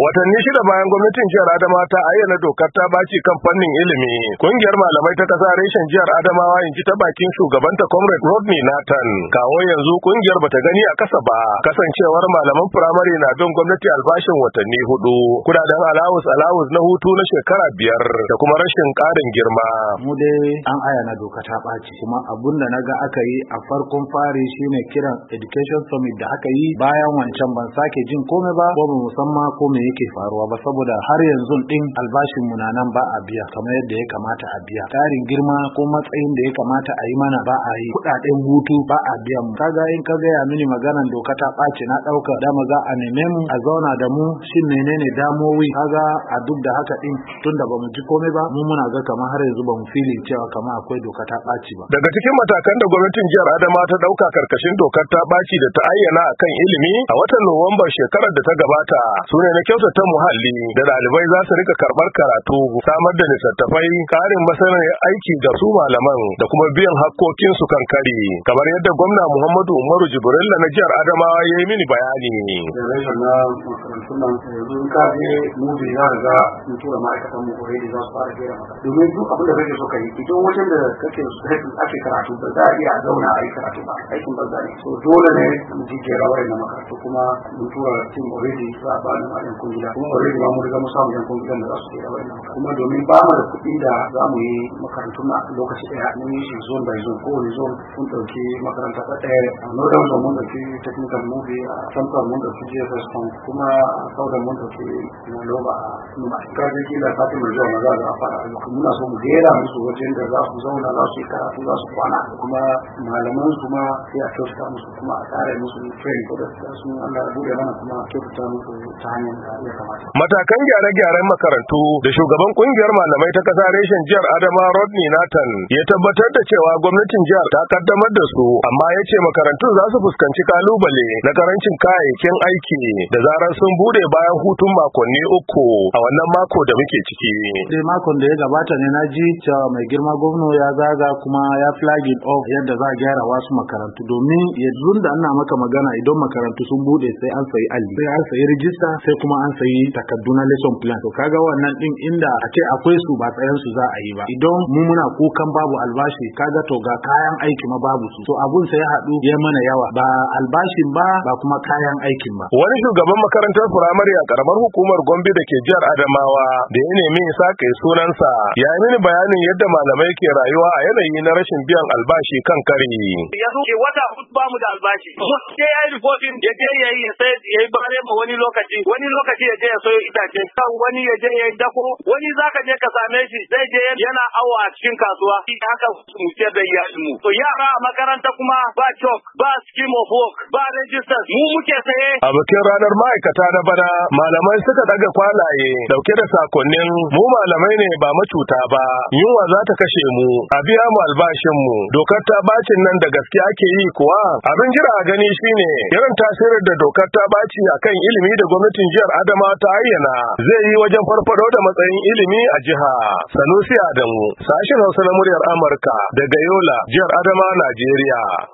watanni shida bayan gwamnatin jihar adamawa ta ayyana dokar ta baci kan fannin ilimi kungiyar malamai ta kasa reshen jihar adamawa in ta bakin shugabanta comrade rodney nathan kawo yanzu kungiyar bata gani a kasa ba kasancewar malaman firamare na don gwamnati albashin watanni hudu kudaden alawus alawus na hutu na shekara biyar da kuma rashin karin girma mu dai an ayyana doka ta baci kuma abun da ga aka yi a farkon fari shine kiran education summit da aka yi bayan wancan ban sake jin komai ba ko musamman ko me yake faruwa ba saboda har yanzu din albashin mu nan ba a biya kamar yadda ya kamata a biya tarin girma ko matsayin da ya kamata a yi mana ba a yi kuɗaɗen hutu ba a biya mu kaga in ka gaya mini maganan doka ta ɓaci na ɗauka dama za a neme mu a zauna da mu shin menene damowi kaga a duk da haka din tunda ba mu ji komai ba mu muna ga kamar har yanzu ba mu fili cewa kamar akwai doka ta ɓaci ba daga cikin matakan da gwamnatin jihar Adama ta ɗauka karkashin dokar ta ɓaci da ta ayyana akan ilimi a watan Nuwambar shekarar da ta gabata su na kyau makarantarsa ta muhalli da ɗalibai za su rika karɓar karatu samar da littattafai karin masanin aiki ga su malaman da kuma biyan hakkokin kan kari kamar yadda gwamna muhammadu umaru jibrilla na jihar adamawa ya yi mini bayani domin duk ne dole ne mu jijjera wayan makarantu kuma mun tura team already za a ba taimakon kuma already ba mu riga mu samu yan gidan da za su tsira wannan kuma domin ba mu da kuɗi da za mu yi makarantun a lokaci ɗaya mun yi shi zone by zone kowane zone mun ɗauki makaranta ta ɗaya a northern zone mun ɗauki technical movie a central mun ɗauki jfs kuma a southern mun ɗauki na loba a numa kaje kila sati mai zuwa maza da fara ayyuka muna so mu gera musu wajen da za su zauna za su yi karatu za su kwana kuma malaman su ma sai a kyautata musu kuma a kare musu training ko da su Allah ya bude mana kuma kyautata musu ta hanyar da ya kamata matakan gyare-gyaren makarantu da shugaban kungiyar malamai ta kasa reshen jihar Adama Rodney Nathan ya tabbatar da cewa gwamnatin jihar ta kaddamar da su amma ya ce makarantun za su fuskanci kalubale na karancin kayayyakin aiki da zarar sun bude bayan hutun makonni uku a wannan mako da muke ciki. Dai makon da ya gabata ne na ji cewa mai girma gwamna ya zaga kuma ya flagging off yadda za a gyara wasu makarantu domin zo. tun da ana maka magana idan makarantu sun bude sai an sayi alli sai an sayi rijista sai kuma an sayi takardu na lesson plan to kaga wannan din inda a ce akwai su ba tsayan su za a yi ba idan mu muna kukan babu albashi kaga to ga kayan aiki ma babu su to abun sai ya haɗu ya mana yawa ba albashin ba ba kuma kayan aikin ba wani shugaban makarantar firamare a karamar hukumar Gombe da ke jihar Adamawa da ya nemi kai sake sunansa ya yi mini bayanin yadda malamai ke rayuwa a yanayi na rashin biyan albashi kan kari zo ke wata ba mu da albashi sai ya yi rufofin ya je ya yi sai ya bare ma wani lokaci wani lokaci ya je ya soyo itace kan wani ya je ya yi dako wani zaka je ka same shi zai je yana awo a cikin kasuwa haka mu ce da iyalin mu to yara a makaranta kuma ba chok ba scheme of work ba registers mu muke saye a bikin ranar ma'aikata na bana malamai suka daga kwalaye dauke da sakonnin mu malamai ne ba macuta ba yunwa za ta kashe mu a biya mu albashin mu dokar ta bacin nan da gaske ake yi kuwa abin jira a gani shine irin tasirin da dokar ta baci akan ilimi da gwamnatin jihar Adama ta ayyana zai yi wajen farfado da matsayin ilimi a jiha. Sanusi Adamu, sashin Hausa na muryar Amurka daga Yola, jihar Adama, Najeriya.